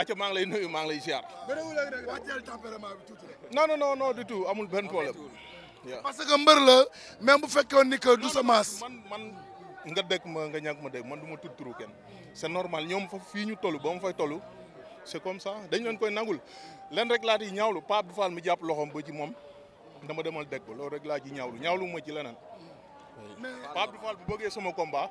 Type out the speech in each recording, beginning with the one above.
ak ma ngi lay nuyu ma ngi lay ziar beureul rek rek waccel tempérament bi tout rek non non non non du tout amul ben problème parce que mbeur la même bu fekkone ni que du sa mas man man nga dekk ma nga ñak ma dekk man duma tuddu ken c'est normal ñom fa fi ñu tollu bam fay tollu c'est comme ça dañ leen koy nangul len rek la di ñawlu pa bu fal mu japp loxom ba ci mom dama demal dekk lo rek la ci ñawlu ñawlu ma ci lenen pa bu fal bu sama combat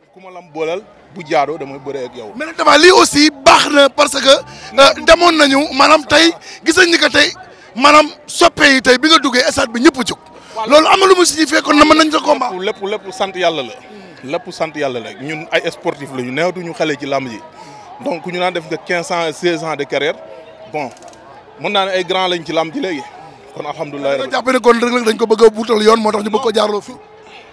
ku ma lam booleel bu jaadoo damay bëree ak yow. mais nag damaa lii aussi baax na parce que euh, demoon nañu maanaam tey gis nañ ni que tey maanaam soppe tey bi nga duggee stade bi ñëpp a loolu am na lu mu signifié kon na mën nañ sa combat. lépp lépp sant yàlla la. lépp sant yàlla la ñun ay sportif la ñu neewatuñu xale ci làmb ji. donc ñu naan def nga quinze ans seize ans de carrière bon mën naa ne ay grand lañ ci làmb ji léegi dañ ko bëgg a yoon moo tax ñu bëgg ko jaarloo fii.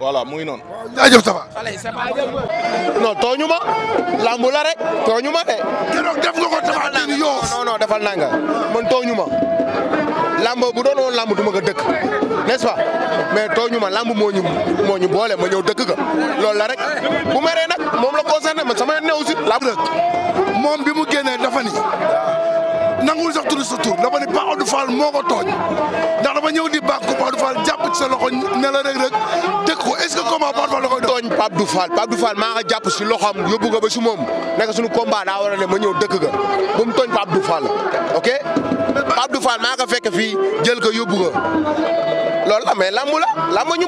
voilà muy noonu. jaajëf Tapha. non tooñu ma. lambu la rek tooñu ma de. keroog def nga ko Tapha Tine yoo. non non defal naa nga man tooñu ma. lamb bu doon woon lamb du ma dëkk n'est-ce pas mais tooñu lamb moo ñu moo ñu boole ma ñëw dëkk ka la rek bu meree nag moom la concerné man sama yoon ne aussi lamb moom bi mu génnee dafa ni nangul sax tudd sa tur dafa ni Pa Odou tooñ ndax dafa di bàkk Pa Odou Fall sa loxo ne la koma par wala koy togn pap dou fall pap dou fall ma nga japp ci loxam yobou nga ba ci mom nek suñu combat da wara ne ma ñew dekk ga bu mu togn pap dou fall ok pap dou fall ma nga fekk fi jël ko yobou ga lol la mais lamb la lamb ñu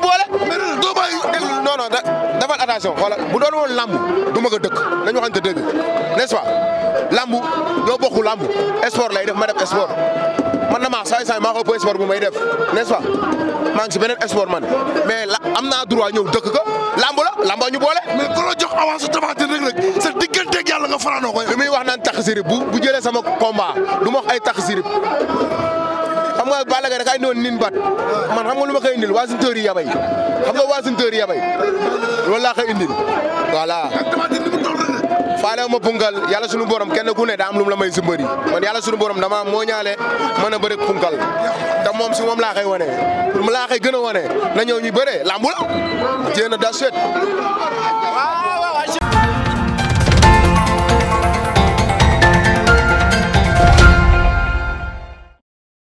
saay saay maa ko ëpp sport bu may def nest maa ngi si beneen man mais la am naa droit ñëw dëkk ko lamb la lamb ñu boole. mais ku la jox avance su tabaatee rek rek sa digganteeg yàlla nga fanaanoo ko. bi muy wax naan tax sirib bu bu sama combat du ma wax ay tax sirib nga Balla Gaye da kay noon nin bat man xam nga lu ma koy indil waa Suntoor yabay xam nga waa Suntoor yi yabay loolu laa koy indil voilà. faalewu ma punkal yàlla sunu borom kenn ku ne daa am lu la may si mbëri man yàlla sunu borom dama moo ñaale mën a bëri punkal te moom si moom laa koy wane pour laa kay gën a wane na ñëw ñi bëree làmbu la jéem